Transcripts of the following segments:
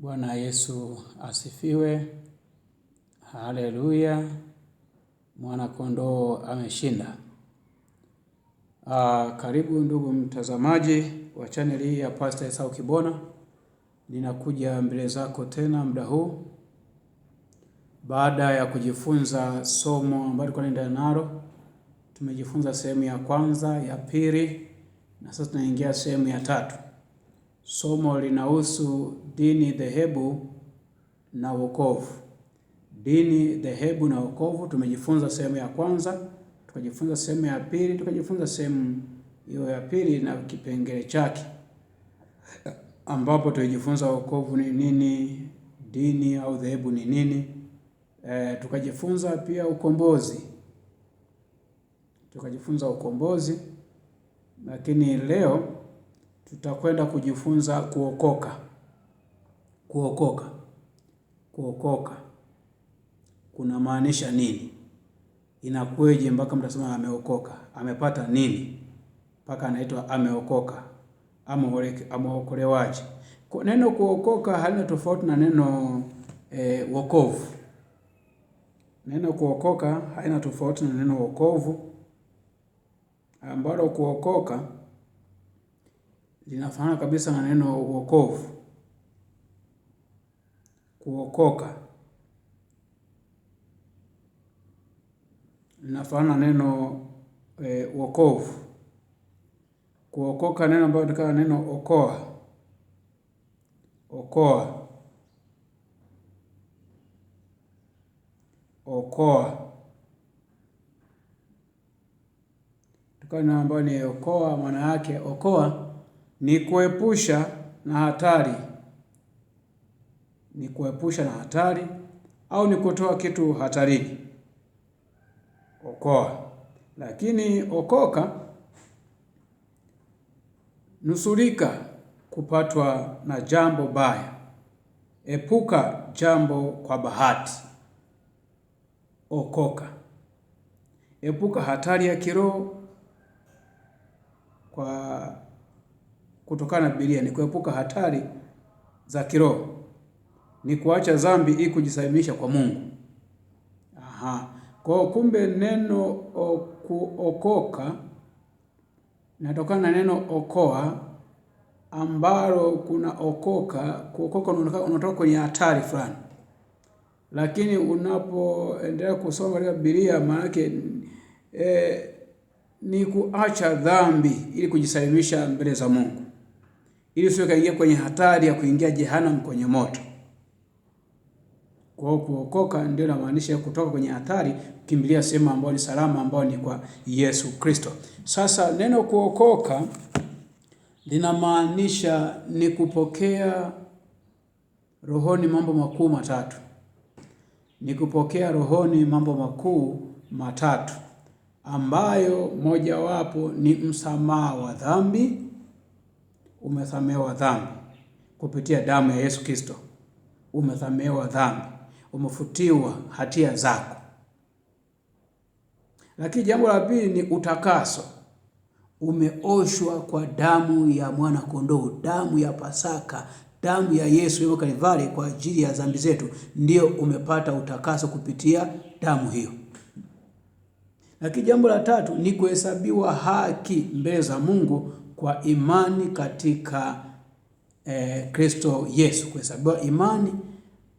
Bwana Yesu asifiwe. Haleluya, mwana kondoo ameshinda. Aa, ah, karibu ndugu mtazamaji wa chaneli hii ya Pastor Esau Kibona, ninakuja mbele zako tena muda huu baada ya kujifunza somo ambalo tulikuwa tunaendelea nalo. Tumejifunza sehemu ya kwanza, ya pili na sasa tunaingia sehemu ya tatu. Somo linahusu dini, dhehebu na wokovu. Dini, dhehebu na wokovu, tumejifunza sehemu ya kwanza, tukajifunza sehemu ya pili, tukajifunza sehemu hiyo ya pili na kipengele chake, ambapo tulijifunza wokovu ni nini, dini au dhehebu ni nini. E, tukajifunza pia ukombozi, tukajifunza ukombozi, lakini leo tutakwenda kujifunza kuokoka, kuokoka, kuokoka kunamaanisha nini? Inakuweje mpaka mtu asema ameokoka? Amepata nini mpaka anaitwa ameokoka? Ameokolewaje? Neno kuokoka halina tofauti na neno e, wokovu. Neno kuokoka haina tofauti na neno wokovu, ambalo kuokoka linafanana kabisa na neno wokovu, kuokoka linafanana neno e, wokovu, kuokoka, neno ambayo linatokana neno okoa, okoa, okoa neno ambayo ni okoa, maana yake okoa ni kuepusha na hatari, ni kuepusha na hatari au ni kutoa kitu hatarini. Okoa, lakini okoka, nusurika kupatwa na jambo baya, epuka jambo kwa bahati. Okoka, epuka hatari ya kiroho kwa kutokana na Biblia ni kuepuka hatari za kiroho, ni kuacha dhambi ili kujisalimisha kwa Mungu. Aha. Kwa kumbe neno kuokoka natokana na neno okoa ambalo kuna okoka, kuokoka unatoka kwenye hatari fulani, lakini unapoendelea kusoma katika Biblia maanake eh, ni kuacha dhambi ili kujisalimisha mbele za Mungu ili sio kaingia kwenye hatari ya kuingia jehanam kwenye moto. Kwa kuokoka ndio inamaanisha kutoka kwenye hatari, kukimbilia sehemu ambayo ni salama, ambayo ni kwa Yesu Kristo. Sasa neno kuokoka linamaanisha ni kupokea rohoni mambo makuu matatu, ni kupokea rohoni mambo makuu matatu ambayo mojawapo ni msamaha wa dhambi umesamehewa dhambi kupitia damu ya Yesu Kristo, umesamehewa dhambi, umefutiwa hatia zako. Lakini jambo la pili ni utakaso, umeoshwa kwa damu ya mwana kondoo, damu ya Pasaka, damu ya Yesu yuko Kalivari, kwa ajili ya dhambi zetu, ndio umepata utakaso kupitia damu hiyo. Lakini jambo la tatu ni kuhesabiwa haki mbele za Mungu kwa imani katika eh, Kristo Yesu, kuhesabiwa imani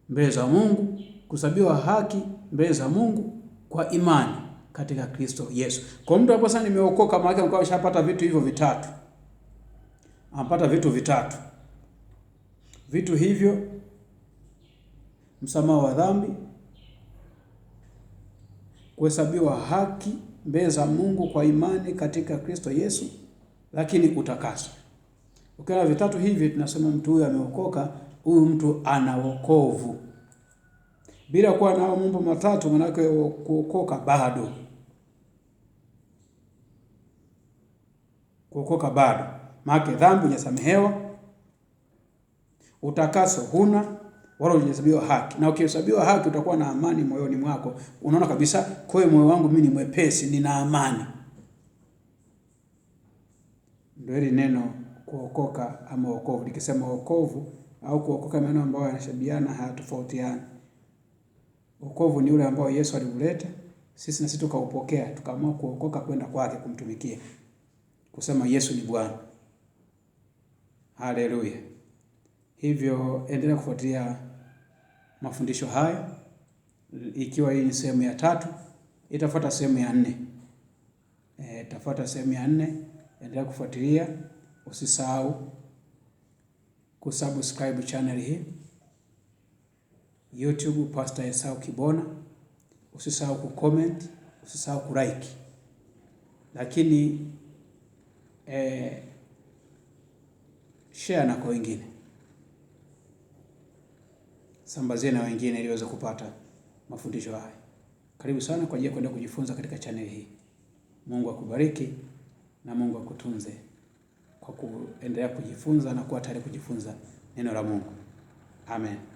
mbele za Mungu, kuhesabiwa haki mbele za Mungu kwa imani katika Kristo Yesu. Kwa mtu hapo sasa nimeokoka maana yake ameshapata vitu hivyo vitatu. Ampata vitu vitatu. Vitu hivyo msamaha wa dhambi, kuhesabiwa haki mbele za Mungu kwa imani katika Kristo Yesu lakini utakaswa. Ukiwa vitatu hivi, tunasema mtu huyu ameokoka, huyu mtu ana wokovu. Bila kuwa nao mambo matatu, manake kuokoka bado, kuokoka bado, maana dhambi hujasamehewa, utakaso huna wala hujahesabiwa haki. Na ukihesabiwa haki utakuwa na amani moyoni mwako, unaona kabisa, kwa moyo wangu mimi ni mwepesi, nina amani ndio hili neno kuokoka ama wokovu. Nikisema wokovu au kuokoka, maneno ambayo yanashabiana, hayatofautiani. Wokovu ni ule ambao Yesu aliuleta sisi na sisi tukaupokea, tukaamua kuokoka kwenda kwake, kumtumikia, kusema Yesu ni Bwana. Haleluya! Hivyo endelea kufuatilia mafundisho haya, ikiwa hii ni sehemu ya tatu, itafuata sehemu ya nne. E, itafuata sehemu ya nne endelea kufuatilia. Usisahau kusubscribe channel hii YouTube Pastor Esau Kibona. Usisahau kucomment, usisahau kulike, lakini eh, share na kwa wengine, sambazie na wengine ili waweze kupata mafundisho haya. Karibu sana kwa ajili ya kwenda kujifunza katika channel hii. Mungu akubariki na Mungu akutunze kwa kuendelea kujifunza na kuwa tayari kujifunza neno la Mungu. Amen.